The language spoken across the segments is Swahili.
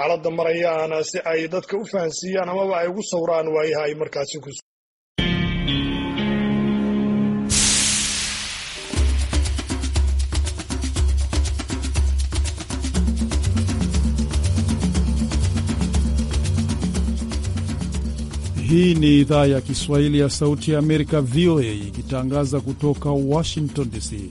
xaaladda marayaana si ay dadka u fahansiiyaan amaba ay ugu sawraan waayaha ay markaasi ku Hii ni idhaa ya Kiswahili ya Sauti ya Amerika, VOA, ikitangaza kutoka Washington DC.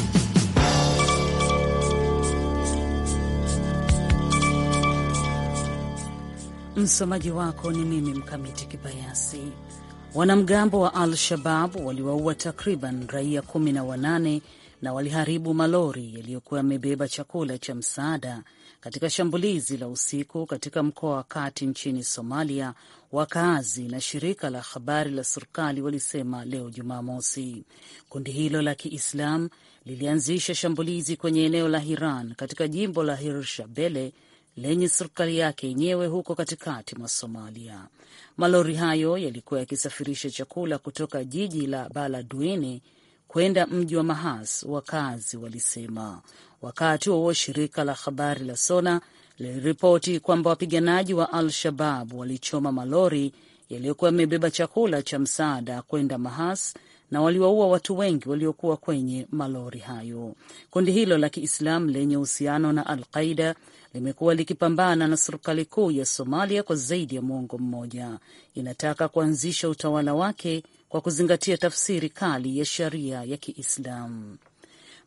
Msomaji wako ni mimi Mkamiti Kibayasi. Wanamgambo wa Al-Shabab waliwaua takriban raia kumi na wanane na waliharibu malori yaliyokuwa yamebeba chakula cha msaada katika shambulizi la usiku katika mkoa wa kati nchini Somalia, wakaazi na shirika la habari la serikali walisema leo Jumamosi. Kundi hilo la Kiislam lilianzisha shambulizi kwenye eneo la Hiran katika jimbo la Hirshabelle lenye serikali yake yenyewe huko katikati mwa Somalia. Malori hayo yalikuwa yakisafirisha chakula kutoka jiji la Baladweyne kwenda mji wa Mahas, wakazi walisema. Wakati huo shirika la habari la SONA liliripoti kwamba wapiganaji wa Al-Shabab walichoma malori yaliyokuwa yamebeba chakula cha msaada kwenda Mahas na waliwaua watu wengi waliokuwa kwenye malori hayo. Kundi hilo la Kiislamu lenye uhusiano na Al Qaida limekuwa likipambana na serikali kuu ya Somalia kwa zaidi ya mwongo mmoja. Inataka kuanzisha utawala wake kwa kuzingatia tafsiri kali ya sharia ya Kiislamu.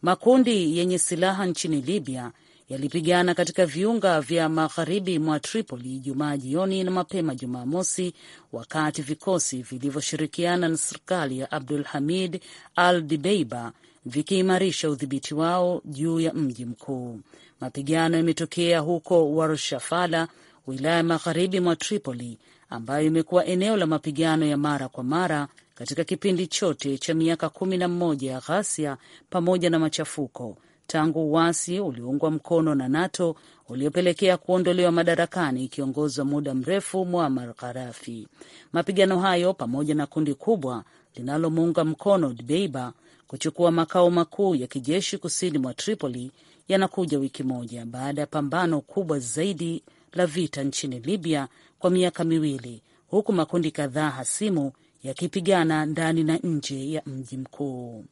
Makundi yenye silaha nchini Libya yalipigana katika viunga vya magharibi mwa Tripoli Jumaa jioni na mapema Jumamosi, wakati vikosi vilivyoshirikiana na serikali ya Abdul Hamid al Dibeiba vikiimarisha udhibiti wao juu ya mji mkuu. Mapigano yametokea huko Warshafala, wilaya magharibi mwa Tripoli, ambayo imekuwa eneo la mapigano ya mara kwa mara katika kipindi chote cha miaka kumi na mmoja ya ghasia pamoja na machafuko tangu uasi ulioungwa mkono na NATO uliopelekea kuondolewa madarakani kiongozi wa muda mrefu Muammar Gaddafi. Mapigano hayo pamoja na kundi kubwa linalomuunga mkono Dbeiba kuchukua makao makuu ya kijeshi kusini mwa Tripoli yanakuja wiki moja baada ya pambano kubwa zaidi la vita nchini Libya kwa miaka miwili, huku makundi kadhaa hasimu yakipigana ndani na nje ya mji mkuu.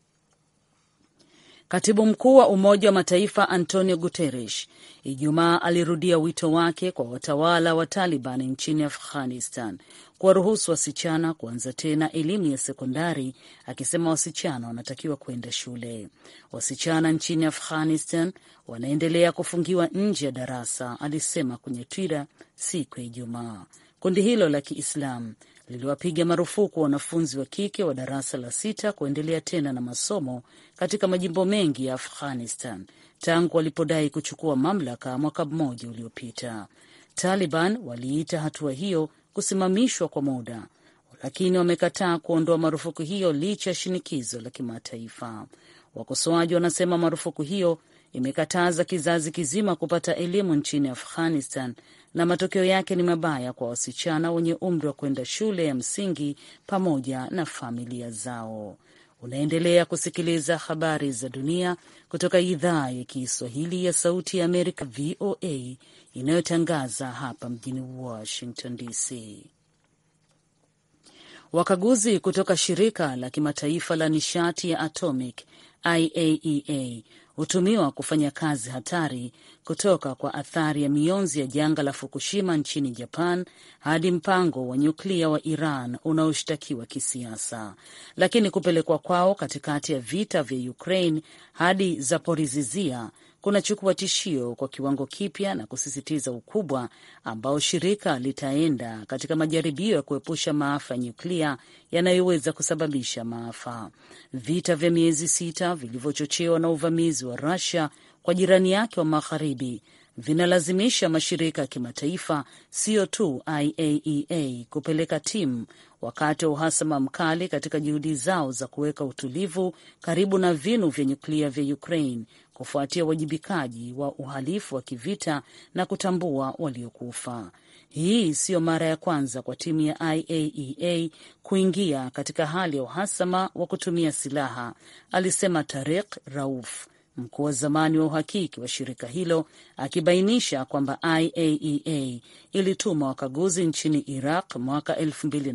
Katibu mkuu wa Umoja wa Mataifa Antonio Guterres Ijumaa alirudia wito wake kwa watawala wa Taliban nchini Afghanistan kuwaruhusu wasichana kuanza tena elimu ya sekondari, akisema wasichana wanatakiwa kwenda shule. Wasichana nchini Afghanistan wanaendelea kufungiwa nje ya darasa, alisema kwenye Twitter siku ya Ijumaa. Kundi hilo la Kiislamu liliwapiga marufuku wanafunzi wa kike wa darasa la sita kuendelea tena na masomo katika majimbo mengi ya Afghanistan tangu walipodai kuchukua mamlaka mwaka mmoja uliopita. Taliban waliita hatua hiyo kusimamishwa kwa muda, lakini wamekataa kuondoa marufuku hiyo licha ya shinikizo la kimataifa. Wakosoaji wanasema marufuku hiyo imekataza kizazi kizima kupata elimu nchini Afghanistan na matokeo yake ni mabaya kwa wasichana wenye umri wa kwenda shule ya msingi pamoja na familia zao. Unaendelea kusikiliza habari za dunia kutoka idhaa ya Kiswahili ya Sauti ya Amerika, VOA, inayotangaza hapa mjini Washington DC. Wakaguzi kutoka shirika la kimataifa la nishati ya atomic IAEA e hutumiwa kufanya kazi hatari kutoka kwa athari ya mionzi ya janga la Fukushima nchini Japan hadi mpango wa nyuklia wa Iran unaoshtakiwa kisiasa, lakini kupelekwa kwao katikati ya vita vya Ukraine hadi Zaporizizia kunachukua tishio kwa kiwango kipya na kusisitiza ukubwa ambao shirika litaenda katika majaribio ya kuepusha maafa ya nyuklia yanayoweza kusababisha maafa. Vita vya miezi sita vilivyochochewa na uvamizi wa Russia kwa jirani yake wa magharibi vinalazimisha mashirika ya kimataifa, sio tu IAEA, e kupeleka timu wakati wa uhasama mkali katika juhudi zao za kuweka utulivu karibu na vinu vya nyuklia vya Ukraine kufuatia uwajibikaji wa uhalifu wa kivita na kutambua waliokufa. Hii siyo mara ya kwanza kwa timu ya IAEA e kuingia katika hali ya uhasama wa kutumia silaha, alisema Tariq Rauf, mkuu wa zamani wa uhakiki wa shirika hilo akibainisha kwamba IAEA e ilituma wakaguzi nchini Iraq mwaka mbili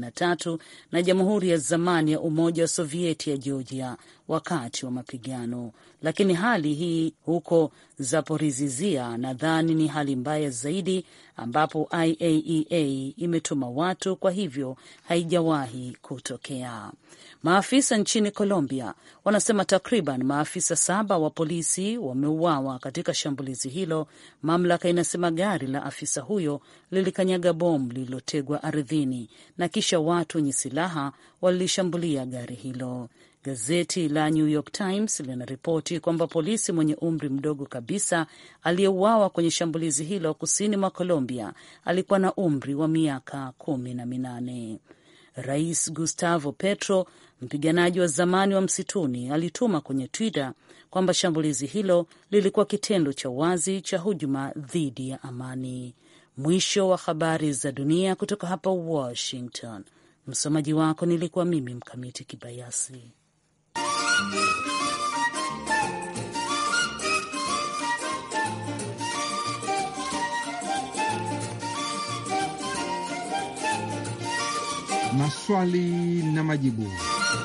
na jamhuri ya zamani ya Umoja wa Sovieti ya Georgia wakati wa mapigano. Lakini hali hii huko zaporizizia nadhani ni hali mbaya zaidi, ambapo IAEA e imetuma watu, kwa hivyo haijawahi kutokea. Maafisa nchini Colombia wanasema takriban maafisa saba wa polisi wameuawa katika shambulizi hilo. Mamlaka inasema gari la afisa huyo lilikanyaga bomu lililotegwa ardhini na kisha watu wenye silaha walilishambulia gari hilo. Gazeti la New York Times linaripoti kwamba polisi mwenye umri mdogo kabisa aliyeuawa kwenye shambulizi hilo kusini mwa Colombia alikuwa na umri wa miaka kumi na minane. Rais Gustavo Petro Mpiganaji wa zamani wa msituni alituma kwenye Twitter kwamba shambulizi hilo lilikuwa kitendo cha wazi cha hujuma dhidi ya amani. Mwisho wa habari za dunia kutoka hapa Washington. Msomaji wako nilikuwa mimi Mkamiti Kibayasi. Maswali na majibu.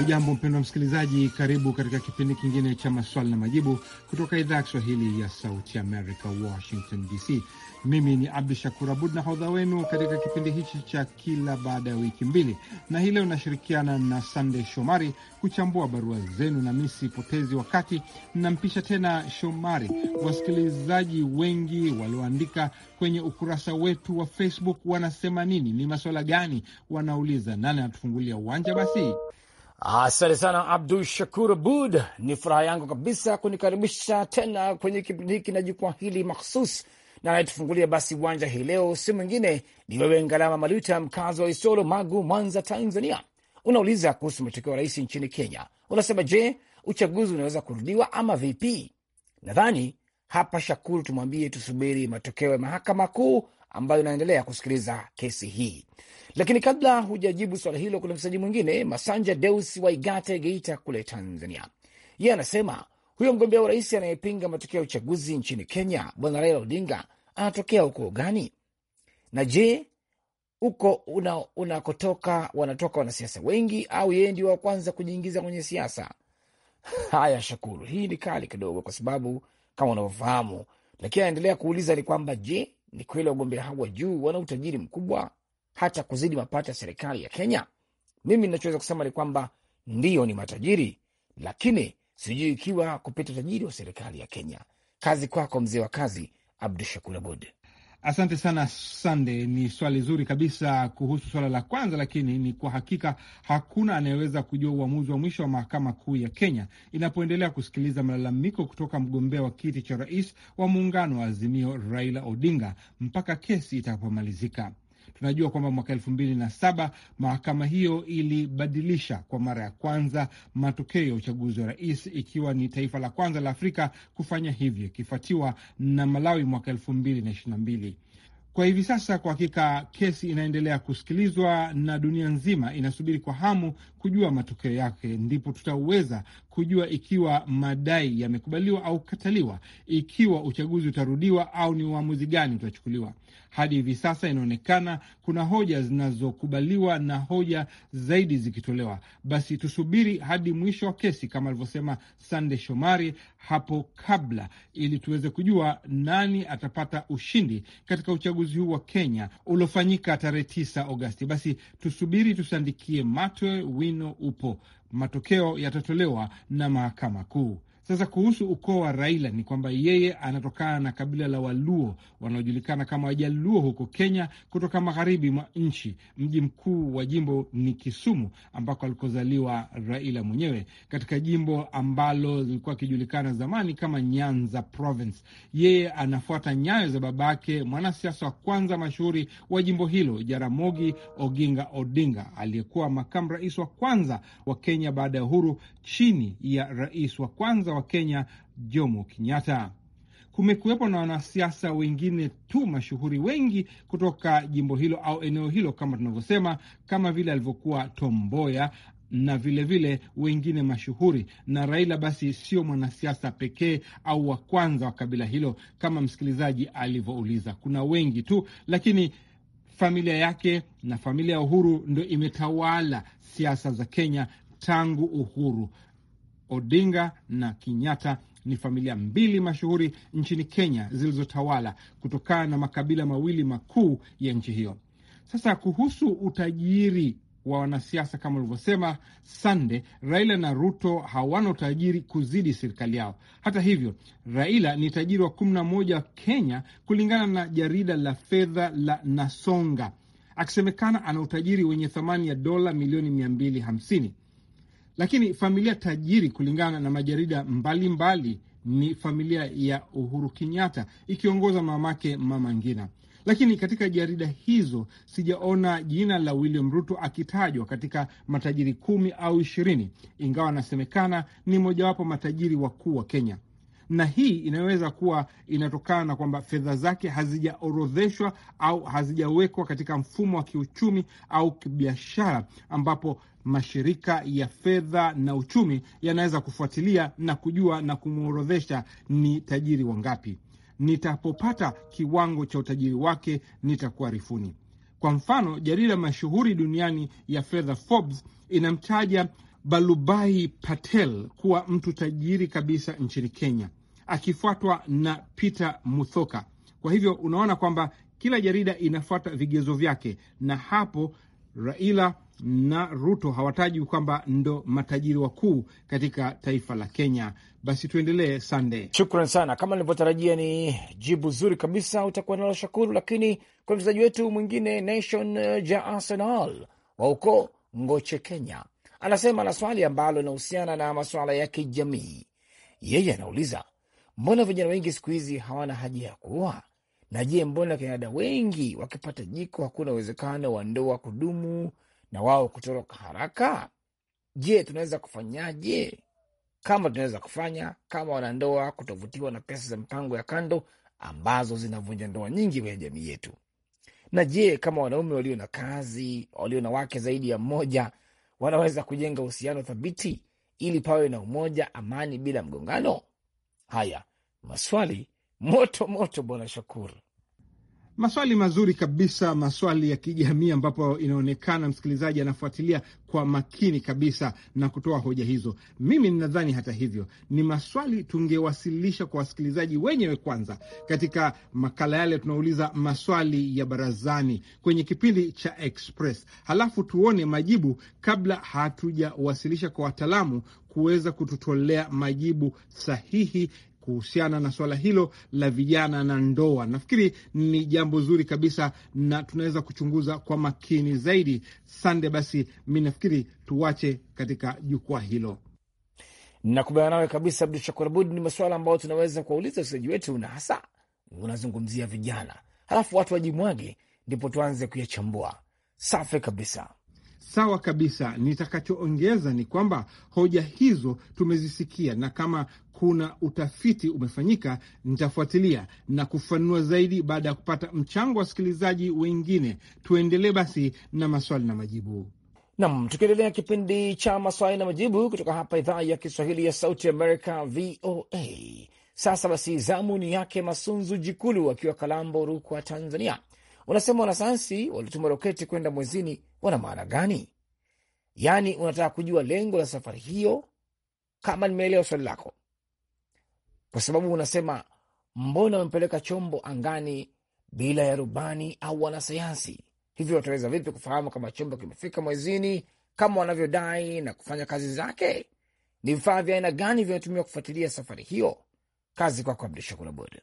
Ujambo mpendwa msikilizaji, karibu katika kipindi kingine cha maswali na majibu kutoka idhaa ya Kiswahili ya Sauti Amerika, Washington DC. Mimi ni Abdu Shakur Abud na hodha wenu katika kipindi hichi cha kila baada ya wiki mbili, na hii leo nashirikiana na Sandey Shomari kuchambua barua zenu, na misi potezi wakati, nampisha tena Shomari. Wasikilizaji wengi walioandika kwenye ukurasa wetu wa Facebook wanasema nini? Ni maswala gani wanauliza? Nani anatufungulia uwanja basi? Asante sana Abdul Shakur Abud, ni furaha yangu kabisa kunikaribisha tena kwenye kipindi hiki na jukwaa hili makhsus. na anayetufungulia basi uwanja hii leo si mwingine ni wewe Ngalama Maluta, mkazi wa Isolo, Magu, Mwanza, Tanzania. Unauliza kuhusu matokeo ya rais nchini Kenya. Unasema, je, uchaguzi unaweza kurudiwa ama vipi? Nadhani hapa Shakuru tumwambie tusubiri matokeo ya mahakama kuu ambayo inaendelea kusikiliza kesi hii. Lakini kabla hujajibu swala hilo, kuna mchezaji mwingine Masanja Deus Waigate, Geita kule Tanzania. Yeye anasema huyo mgombea urais anayepinga matokeo ya uchaguzi nchini Kenya, Bwana Raila Odinga, anatokea huko gani? Na je, huko unakotoka una wanatoka wanasiasa wengi au yeye ndio wa kwanza kujiingiza kwenye siasa? Haya, Shakuru, hii ni kali kidogo, kwa sababu kama unavyofahamu, lakini anaendelea kuuliza ni kwamba je, ni kweli wagombea hao wa juu wana utajiri mkubwa hata kuzidi mapato ya serikali ya Kenya? Mimi ninachoweza kusema ni kwamba ndiyo, ni matajiri, lakini sijui ikiwa kupita utajiri wa serikali ya Kenya. Kazi kwako, mzee wa kazi, Abdu Shakur Abud. Asante sana Sande, ni swali zuri kabisa kuhusu swala la kwanza, lakini ni kwa hakika hakuna anayeweza kujua uamuzi wa mwisho wa mahakama kuu ya Kenya inapoendelea kusikiliza malalamiko kutoka mgombea wa kiti cha rais wa muungano wa Azimio Raila Odinga mpaka kesi itakapomalizika. Tunajua kwamba mwaka elfu mbili na saba mahakama hiyo ilibadilisha kwa mara ya kwanza matokeo ya uchaguzi wa rais, ikiwa ni taifa la kwanza la Afrika kufanya hivyo, ikifuatiwa na Malawi mwaka elfu mbili na ishirini na mbili. Kwa hivi sasa, kwa hakika kesi inaendelea kusikilizwa na dunia nzima inasubiri kwa hamu kujua matokeo yake, ndipo tutaweza kujua ikiwa madai yamekubaliwa au kukataliwa, ikiwa uchaguzi utarudiwa au ni uamuzi gani utachukuliwa. Hadi hivi sasa inaonekana kuna hoja zinazokubaliwa na hoja zaidi zikitolewa. Basi tusubiri hadi mwisho wa kesi, kama alivyosema Sande Shomari hapo kabla, ili tuweze kujua nani atapata ushindi katika uchaguzi huu wa Kenya uliofanyika tarehe 9 Agosti. Basi tusubiri, tusandikie matwe win Ufilipino upo. Matokeo yatatolewa na mahakama kuu. Sasa kuhusu ukoo wa Raila ni kwamba yeye anatokana na kabila la Waluo wanaojulikana kama Wajaluo huko Kenya, kutoka magharibi mwa nchi. Mji mkuu wa jimbo ni Kisumu, ambako alikozaliwa Raila mwenyewe, katika jimbo ambalo lilikuwa akijulikana zamani kama Nyanza Province. Yeye anafuata nyayo za babake, mwanasiasa wa kwanza mashuhuri wa jimbo hilo, Jaramogi Oginga Odinga, aliyekuwa makamu rais wa kwanza wa Kenya baada ya uhuru, chini ya rais wa kwanza wa Kenya Jomo Kenyatta. Kumekuwepo na wanasiasa wengine tu mashuhuri wengi kutoka jimbo hilo au eneo hilo, kama tunavyosema, kama vile alivyokuwa Tomboya na vilevile vile wengine mashuhuri na Raila basi sio mwanasiasa pekee au wa kwanza wa kabila hilo, kama msikilizaji alivyouliza. Kuna wengi tu, lakini familia yake na familia ya Uhuru ndio imetawala siasa za Kenya tangu uhuru. Odinga na Kenyatta ni familia mbili mashuhuri nchini Kenya zilizotawala kutokana na makabila mawili makuu ya nchi hiyo. Sasa kuhusu utajiri wa wanasiasa kama ulivyosema Sande, Raila na Ruto hawana utajiri kuzidi serikali yao. Hata hivyo, Raila ni tajiri wa kumi na moja wa Kenya kulingana na jarida la fedha la Nasonga, akisemekana ana utajiri wenye thamani ya dola milioni mia mbili hamsini. Lakini familia tajiri kulingana na majarida mbalimbali mbali, ni familia ya Uhuru Kenyatta ikiongoza mamake Mama Ngina. Lakini katika jarida hizo sijaona jina la William Ruto akitajwa katika matajiri kumi au ishirini, ingawa anasemekana ni mojawapo matajiri wakuu wa Kenya na hii inaweza kuwa inatokana na kwamba fedha zake hazijaorodheshwa au hazijawekwa katika mfumo wa kiuchumi au kibiashara ambapo mashirika ya fedha na uchumi yanaweza kufuatilia na kujua na kumworodhesha ni tajiri wangapi. Nitapopata kiwango cha utajiri wake nitakuarifuni. Kwa mfano, jarida mashuhuri duniani ya fedha Forbes inamtaja Balubai Patel kuwa mtu tajiri kabisa nchini Kenya, akifuatwa na Peter Muthoka. Kwa hivyo unaona kwamba kila jarida inafuata vigezo vyake, na hapo Raila na Ruto hawataji kwamba ndo matajiri wakuu katika taifa la Kenya. Basi tuendelee, Sande. Shukran sana, kama nilivyotarajia ni jibu zuri kabisa, utakuwa nalo Shakuru. Lakini kwa mchezaji wetu mwingine Nation uh, ja Arsenal wa uko Ngoche, Kenya, anasema na swali ambalo linahusiana na masuala ya kijamii. Yeye anauliza mbona vijana wengi siku hizi hawana haja ya kuoa na je, mbona kinada wengi wakipata jiko hakuna uwezekano wa ndoa kudumu? na wao kutoroka haraka. Je, tunaweza kufanyaje? Kama tunaweza kufanya kama wanandoa kutovutiwa na pesa za mipango ya kando ambazo zinavunja ndoa nyingi kwenye jamii yetu, na je, kama wanaume walio na kazi walio na wake zaidi ya mmoja wanaweza kujenga uhusiano thabiti ili pawe na umoja, amani bila mgongano? Haya maswali moto moto, Bwana Shakur. Maswali mazuri kabisa, maswali ya kijamii, ambapo inaonekana msikilizaji anafuatilia kwa makini kabisa na kutoa hoja hizo. Mimi ninadhani hata hivyo ni maswali tungewasilisha kwa wasikilizaji wenyewe kwanza, katika makala yale tunauliza maswali ya barazani kwenye kipindi cha Express, halafu tuone majibu kabla hatujawasilisha kwa wataalamu kuweza kututolea majibu sahihi kuhusiana na swala hilo la vijana na ndoa. Nafikiri ni jambo zuri kabisa na tunaweza kuchunguza kwa makini zaidi. Sande, basi mi nafikiri tuwache katika jukwaa hilo. Nakubaliana nawe kabisa, Abdu Shakur Abud. Ni masuala ambayo tunaweza kuwauliza wasikilizaji wetu, na hasa unazungumzia vijana, halafu watu wajimwage, ndipo tuanze kuyachambua. Safi kabisa. Sawa kabisa. Nitakachoongeza ni kwamba hoja hizo tumezisikia, na kama kuna utafiti umefanyika, nitafuatilia na kufanua zaidi baada ya kupata mchango wa wasikilizaji wengine. Tuendelee basi na maswali na majibu. Nam, tukiendelea kipindi cha maswali na majibu kutoka hapa idhaa ya Kiswahili ya Sauti Amerika, VOA. Sasa basi, zamu ni yake Masunzu Jikulu akiwa Kalambo, Rukwa, Tanzania. Unasema wanasayansi walituma roketi kwenda mwezini, wana maana gani? Yaani unataka kujua lengo la safari hiyo, kama nimeelewa swali lako, kwa sababu unasema mbona wamepeleka chombo angani bila ya rubani au wanasayansi? Hivyo wataweza vipi kufahamu kama chombo kimefika mwezini kama wanavyodai na kufanya kazi zake? Ni vifaa vya aina gani vinatumiwa kufuatilia safari hiyo? Kazi kwako Abdu Shakur Abud.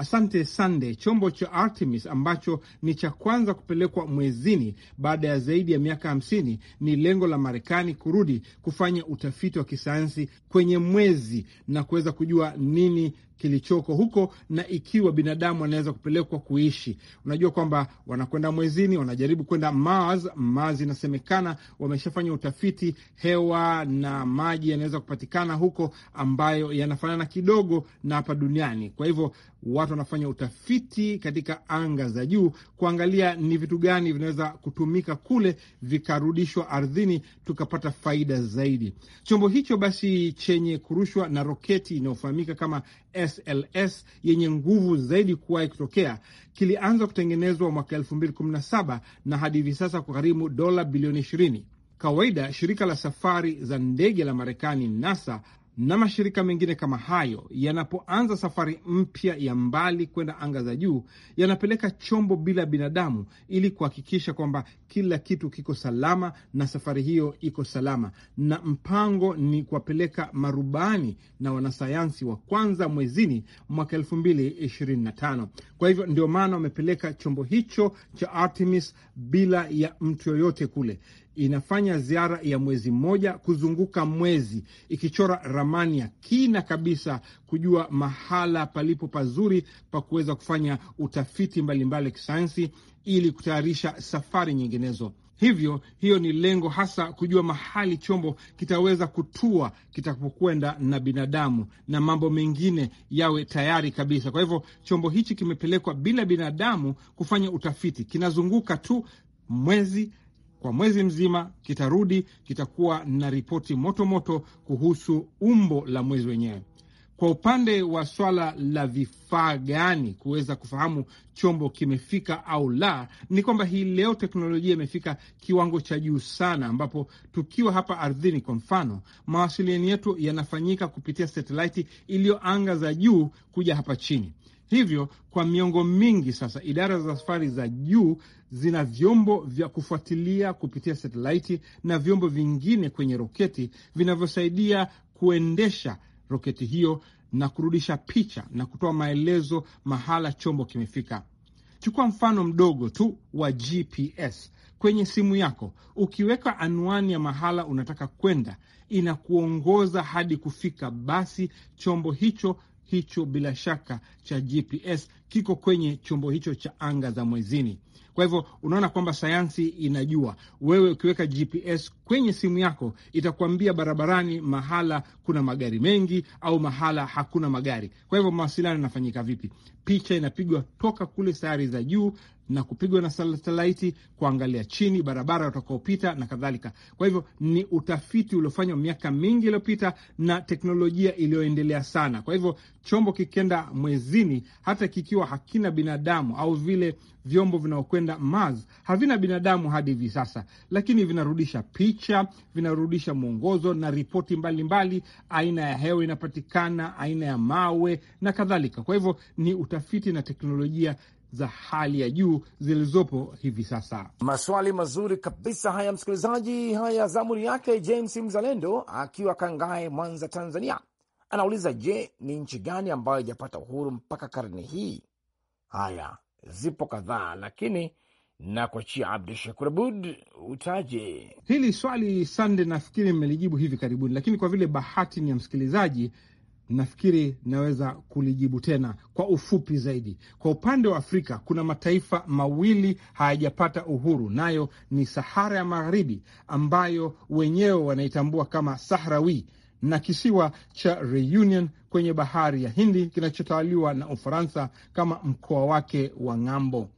Asante Sande. Chombo cha Artemis ambacho ni cha kwanza kupelekwa mwezini baada ya zaidi ya miaka hamsini ni lengo la Marekani kurudi kufanya utafiti wa kisayansi kwenye mwezi na kuweza kujua nini kilichoko huko na ikiwa binadamu anaweza kupelekwa kuishi. Unajua kwamba wanakwenda mwezini, wanajaribu kwenda Mars. Mars inasemekana wameshafanya utafiti, hewa na maji yanaweza kupatikana huko ambayo yanafanana kidogo na hapa duniani. Kwa hivyo watu wanafanya utafiti katika anga za juu kuangalia ni vitu gani vinaweza kutumika kule vikarudishwa ardhini tukapata faida zaidi. Chombo hicho basi chenye kurushwa na roketi inayofahamika kama S SLS yenye nguvu zaidi kuwahi kutokea kilianza kutengenezwa mwaka 2017 na hadi hivi sasa kugharimu dola bilioni 20. Kawaida shirika la safari za ndege la Marekani NASA na mashirika mengine kama hayo yanapoanza safari mpya ya mbali kwenda anga za juu, yanapeleka chombo bila binadamu ili kuhakikisha kwamba kila kitu kiko salama na safari hiyo iko salama. Na mpango ni kuwapeleka marubani na wanasayansi wa kwanza mwezini mwaka elfu mbili ishirini na tano. Kwa hivyo ndio maana wamepeleka chombo hicho cha Artemis bila ya mtu yoyote kule inafanya ziara ya mwezi mmoja kuzunguka mwezi ikichora ramani ya kina kabisa kujua mahala palipo pazuri pa kuweza kufanya utafiti mbalimbali wa kisayansi ili kutayarisha safari nyinginezo. Hivyo hiyo ni lengo hasa, kujua mahali chombo kitaweza kutua kitakapokwenda na binadamu na mambo mengine yawe tayari kabisa. Kwa hivyo chombo hichi kimepelekwa bila binadamu kufanya utafiti, kinazunguka tu mwezi kwa mwezi mzima, kitarudi kitakuwa na ripoti motomoto kuhusu umbo la mwezi wenyewe. Kwa upande wa swala la vifaa gani kuweza kufahamu chombo kimefika au la, ni kwamba hii leo teknolojia imefika kiwango cha juu sana, ambapo tukiwa hapa ardhini, kwa mfano, mawasiliano yetu yanafanyika kupitia satelaiti iliyo anga za juu kuja hapa chini. Hivyo kwa miongo mingi sasa, idara za safari za juu zina vyombo vya kufuatilia kupitia satelaiti na vyombo vingine kwenye roketi vinavyosaidia kuendesha roketi hiyo na kurudisha picha na kutoa maelezo mahala chombo kimefika. Chukua mfano mdogo tu wa GPS kwenye simu yako. Ukiweka anwani ya mahala unataka kwenda, inakuongoza hadi kufika. Basi chombo hicho hicho bila shaka cha GPS kiko kwenye chombo hicho cha anga za mwezini. Kwa hivyo unaona kwamba sayansi inajua. Wewe ukiweka GPS kwenye simu yako itakuambia barabarani mahala kuna magari mengi au mahala hakuna magari. Kwa hivyo mawasiliano yanafanyika vipi? Picha inapigwa toka kule sayari za juu na kupigwa na satelaiti kuangalia chini barabara utakaopita na kadhalika. Kwa hivyo ni utafiti uliofanywa miaka mingi iliyopita na teknolojia iliyoendelea sana. Kwa hivyo chombo kikienda mwezini, hata kikiwa kikiwa hakina binadamu au vile vyombo vinaokwenda Mars havina binadamu hadi hivi sasa, lakini vinarudisha picha, vinarudisha mwongozo na ripoti mbalimbali, aina ya hewa inapatikana, aina ya mawe na kadhalika. Kwa hivyo ni utafiti na teknolojia za hali ya juu zilizopo hivi sasa. Maswali mazuri kabisa haya, msikilizaji. Haya, zamuni yake James Mzalendo akiwa Kangae, Mwanza, Tanzania, anauliza je, ni nchi gani ambayo haijapata uhuru mpaka karne hii? Haya, zipo kadhaa, lakini na kuachia Abdu Shakur Abud utaje hili swali Sande. Nafikiri mmelijibu hivi karibuni, lakini kwa vile bahati ni ya msikilizaji, nafikiri naweza kulijibu tena kwa ufupi zaidi. Kwa upande wa Afrika kuna mataifa mawili hayajapata uhuru, nayo ni Sahara ya Magharibi ambayo wenyewe wanaitambua kama Sahrawi na kisiwa cha Reunion kwenye bahari ya Hindi kinachotawaliwa na Ufaransa kama mkoa wake wa ng'ambo.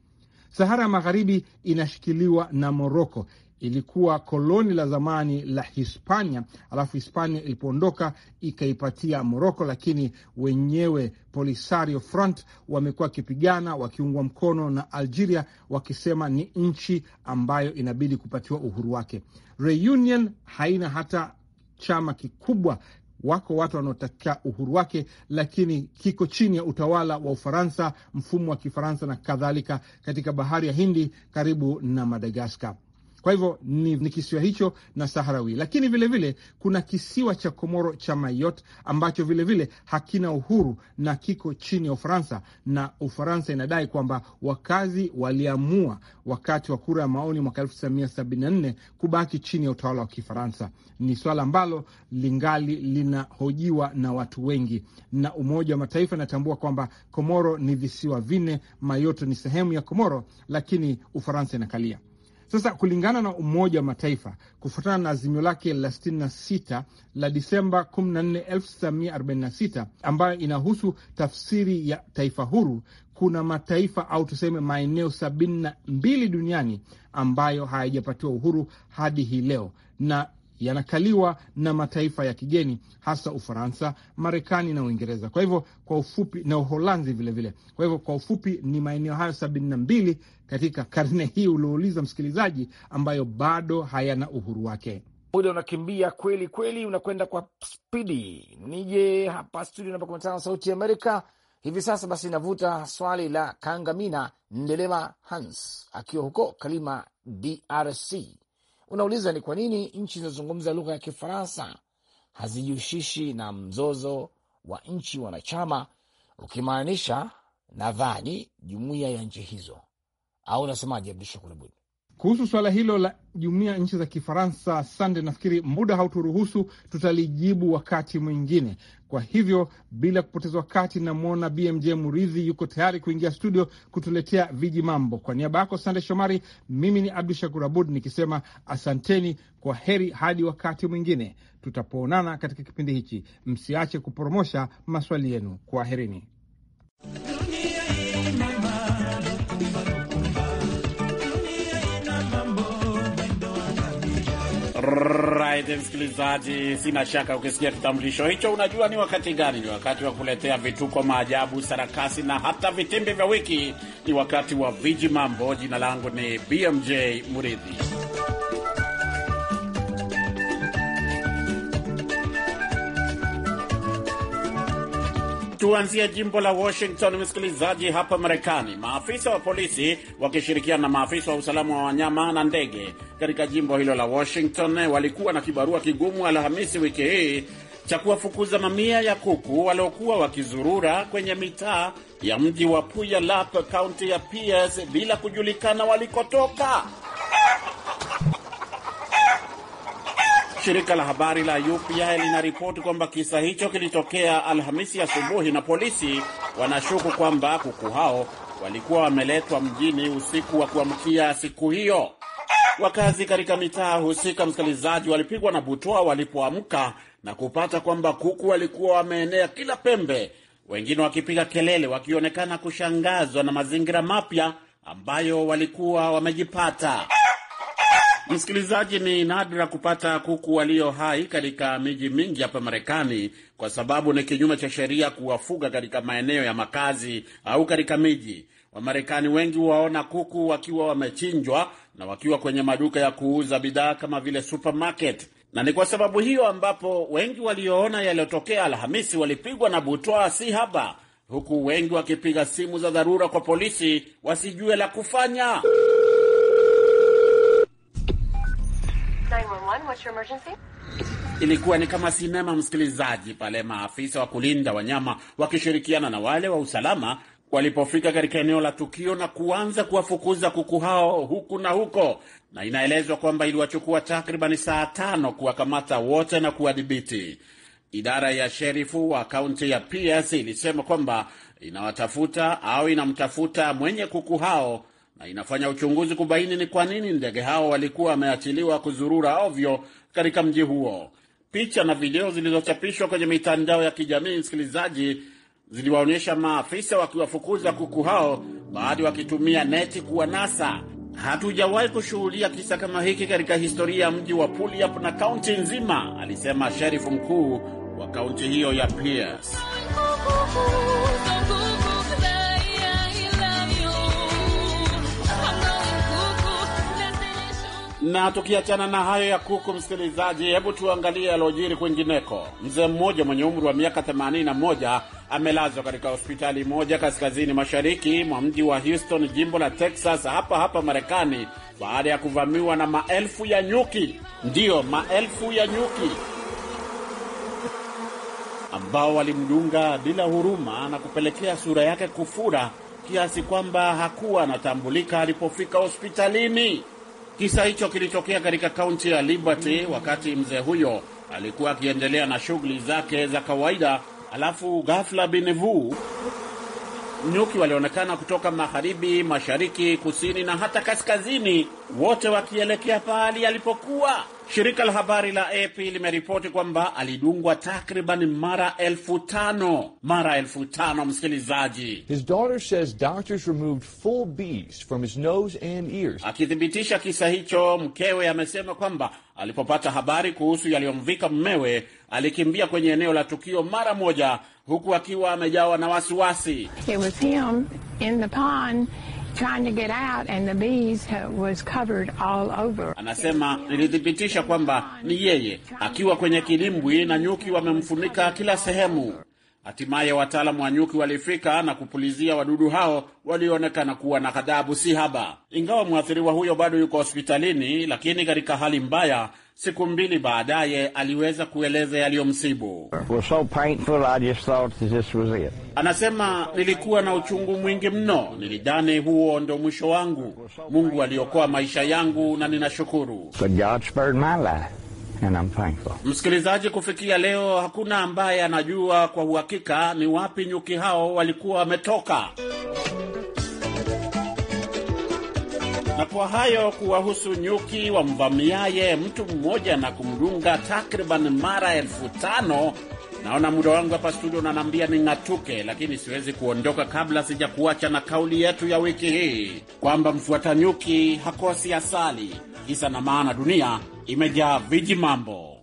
Sahara ya Magharibi inashikiliwa na Moroko. Ilikuwa koloni la zamani la Hispania, alafu Hispania ilipoondoka ikaipatia Moroko, lakini wenyewe Polisario Front wamekuwa wakipigana wakiungwa mkono na Algeria, wakisema ni nchi ambayo inabidi kupatiwa uhuru wake. Reunion haina hata chama kikubwa wako watu wanaotaka uhuru wake, lakini kiko chini ya utawala wa Ufaransa, mfumo wa Kifaransa na kadhalika, katika bahari ya Hindi karibu na Madagaskar. Kwa hivyo ni, ni kisiwa hicho na Saharawi, lakini vilevile vile, kuna kisiwa cha Komoro cha mayot ambacho vilevile vile, hakina uhuru na kiko chini ya Ufaransa, na Ufaransa inadai kwamba wakazi waliamua wakati wa kura ya maoni mwaka 1974 kubaki chini ya utawala wa Kifaransa. Ni swala ambalo lingali linahojiwa na watu wengi, na Umoja wa Mataifa inatambua kwamba Komoro ni visiwa vinne, Mayoto ni sehemu ya Komoro, lakini Ufaransa inakalia sasa kulingana na Umoja wa Mataifa, kufuatana na azimio lake la 66 la Disemba 14, 1946 ambayo inahusu tafsiri ya taifa huru, kuna mataifa au tuseme maeneo 72 mbili duniani ambayo hayajapatiwa uhuru hadi hii leo na yanakaliwa na mataifa ya kigeni, hasa Ufaransa, Marekani na Uingereza. Kwa hivyo kwa ufupi, na Uholanzi vilevile Kwa hivyo kwa ufupi ni maeneo hayo sabini na mbili katika karne hii uliouliza msikilizaji, ambayo bado hayana uhuru wake. Muda unakimbia kweli kweli, unakwenda kwa spidi. Nije hapa studio namba kumi na tano Sauti ya Amerika hivi sasa. Basi navuta swali la Kangamina Ndelema Hans akiwa huko Kalima, DRC. Unauliza ni kwa nini nchi zinazozungumza lugha ya Kifaransa hazijihusishi na mzozo wa nchi wanachama, ukimaanisha nadhani jumuiya ya nchi hizo, au unasemaje, Abdushakur Abud? Kuhusu suala hilo la jumuiya nchi za Kifaransa, sande Nafikiri muda hauturuhusu, tutalijibu wakati mwingine. Kwa hivyo, bila kupoteza wakati, namwona BMJ Muridhi yuko tayari kuingia studio kutuletea viji mambo. Kwa niaba yako, sande Shomari, mimi ni Abdu Shakur Abud nikisema asanteni, kwa heri, hadi wakati mwingine tutapoonana katika kipindi hichi. Msiache kuporomosha maswali yenu. Kwaherini. Friday, msikilizaji, sina shaka ukisikia kitambulisho hicho unajua ni wakati gani. Ni wakati wa kuletea vituko, maajabu, sarakasi na hata vitimbi vya wiki. Ni wakati wa viji mambo. Jina langu ni BMJ Muridhi. Tuanzie jimbo la Washington, msikilizaji, hapa Marekani. Maafisa wa polisi wakishirikiana na maafisa wa usalama wa wanyama na ndege katika jimbo hilo la Washington walikuwa na kibarua kigumu Alhamisi wiki hii cha kuwafukuza mamia ya kuku waliokuwa wakizurura kwenye mitaa ya mji wa Puyallup, kaunti ya PS bila kujulikana walikotoka. Shirika la habari la UPI linaripoti kwamba kisa hicho kilitokea Alhamisi asubuhi na polisi wanashuku kwamba kuku hao walikuwa wameletwa mjini usiku wa kuamkia siku hiyo. Wakazi katika mitaa husika, msikilizaji, walipigwa na butoa walipoamka na kupata kwamba kuku walikuwa wameenea kila pembe, wengine wakipiga kelele, wakionekana kushangazwa na mazingira mapya ambayo walikuwa wamejipata. Msikilizaji, ni nadra kupata kuku walio hai katika miji mingi hapa Marekani kwa sababu ni kinyume cha sheria kuwafuga katika maeneo ya makazi au katika miji. Wamarekani wengi waona kuku wakiwa wamechinjwa na wakiwa kwenye maduka ya kuuza bidhaa kama vile supermarket, na ni kwa sababu hiyo ambapo wengi walioona yaliyotokea Alhamisi walipigwa na butwa si haba, huku wengi wakipiga simu za dharura kwa polisi wasijue la kufanya. 911, what's your emergency? Ilikuwa ni kama sinema, msikilizaji, pale maafisa wa kulinda wanyama wakishirikiana na wale wa usalama walipofika katika eneo la tukio na kuanza kuwafukuza kuku hao huku na huko, na inaelezwa kwamba iliwachukua takribani saa tano kuwakamata wote na kuwadhibiti. Idara ya sherifu wa kaunti ya PS ilisema kwamba inawatafuta au inamtafuta mwenye kuku hao na inafanya uchunguzi kubaini ni kwa nini ndege hao walikuwa wameachiliwa kuzurura ovyo katika mji huo. Picha na video zilizochapishwa kwenye mitandao ya kijamii, msikilizaji, ziliwaonyesha maafisa wakiwafukuza kuku hao, baadhi wakitumia neti kuwanasa. Hatujawahi kushuhudia kisa kama hiki katika historia ya mji wa Puyallup na kaunti nzima, alisema sherifu mkuu wa kaunti hiyo ya Pierce. Na tukiachana na hayo ya kuku, msikilizaji, hebu tuangalie yaliojiri kwingineko. Mzee mmoja mwenye umri wa miaka 81 amelazwa katika hospitali moja kaskazini mashariki mwa mji wa Houston, jimbo la Texas, hapa hapa Marekani, baada ya kuvamiwa na maelfu ya nyuki. Ndiyo, maelfu ya nyuki ambao walimdunga bila huruma na kupelekea sura yake kufura kiasi kwamba hakuwa anatambulika alipofika hospitalini. Kisa hicho kilitokea katika kaunti ya Liberty wakati mzee huyo alikuwa akiendelea na shughuli zake za kawaida, alafu ghafla binevu nyuki walionekana kutoka magharibi, mashariki, kusini na hata kaskazini wote wakielekea pahali alipokuwa. Shirika la habari la AP limeripoti kwamba alidungwa takriban mara elfu tano mara elfu tano msikilizaji, akithibitisha kisa hicho. Mkewe amesema kwamba alipopata habari kuhusu yaliyomvika mmewe, alikimbia kwenye eneo la tukio mara moja, huku akiwa amejawa na wasiwasi. It was him in the pond trying to get out and the bees was covered all over. Anasema nilithibitisha kwamba ni yeye akiwa kwenye kidimbwi na nyuki wamemfunika kila sehemu. Hatimaye wataalamu wa nyuki walifika na kupulizia wadudu hao walioonekana kuwa na ghadhabu si haba. Ingawa mwathiriwa huyo bado yuko hospitalini, lakini katika hali mbaya. Siku mbili baadaye aliweza kueleza yaliyomsibu. So anasema, nilikuwa na uchungu mwingi mno, nilidhani huo ndo mwisho wangu. Mungu aliokoa maisha yangu na ninashukuru. Msikilizaji, kufikia leo hakuna ambaye anajua kwa uhakika ni wapi nyuki hao walikuwa wametoka. Na kwa hayo kuwahusu nyuki wamvamiaye mtu mmoja na kumdunga takriban mara elfu tano. Naona muda wangu hapa studio ni ning'atuke, lakini siwezi kuondoka kabla sijakuacha na kauli yetu ya wiki hii kwamba mfuata nyuki hakosi asali. Kisa na maana dunia imejaa viji mambo oh,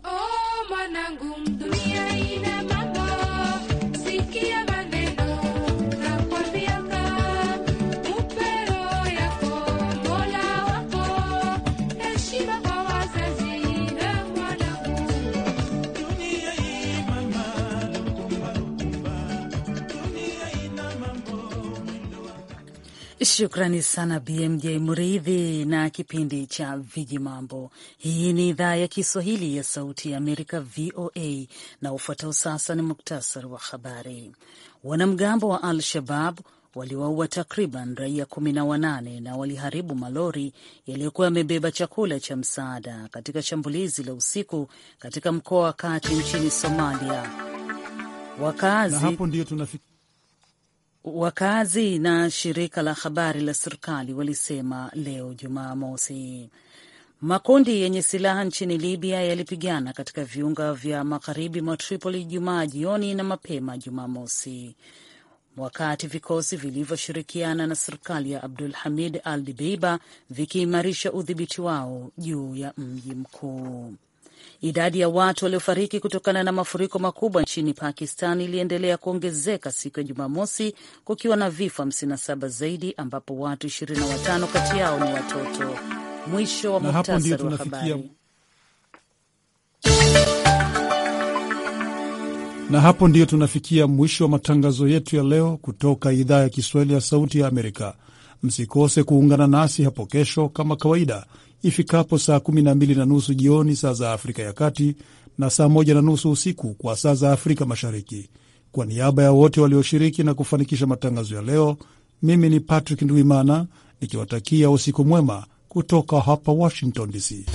Shukrani sana BMJ Mridhi na kipindi cha Viji Mambo. Hii ni idhaa ya Kiswahili ya Sauti ya Amerika, VOA, na ufuatao sasa ni muktasari wa habari. Wanamgambo wa Al Shabab waliwaua takriban raia kumi na wanane na waliharibu malori yaliyokuwa yamebeba chakula cha msaada katika shambulizi la usiku katika mkoa wa kati nchini Somalia. Wakazi na hapo ndio tunafika Wakazi na shirika la habari la serikali walisema leo Jumamosi. Makundi yenye silaha nchini Libya yalipigana katika viunga vya magharibi mwa Tripoli Jumaa jioni na mapema Jumamosi, wakati vikosi vilivyoshirikiana na serikali ya Abdul Hamid al Dibeiba vikiimarisha udhibiti wao juu ya mji mkuu. Idadi ya watu waliofariki kutokana na mafuriko makubwa nchini Pakistan iliendelea kuongezeka siku ya Jumamosi, kukiwa na vifo 57 zaidi, ambapo watu 25 kati yao ni watoto. Mwisho wa muhtasari wa habari. Na hapo ndiyo tunafikia mwisho wa matangazo yetu ya leo kutoka idhaa ya Kiswahili ya Sauti ya Amerika. Msikose kuungana nasi hapo kesho kama kawaida ifikapo saa kumi na mbili na nusu jioni saa za Afrika ya Kati na saa moja na nusu usiku kwa saa za Afrika Mashariki. Kwa niaba ya wote walioshiriki na kufanikisha matangazo ya leo, mimi ni Patrick Ndwimana nikiwatakia usiku mwema kutoka hapa Washington DC.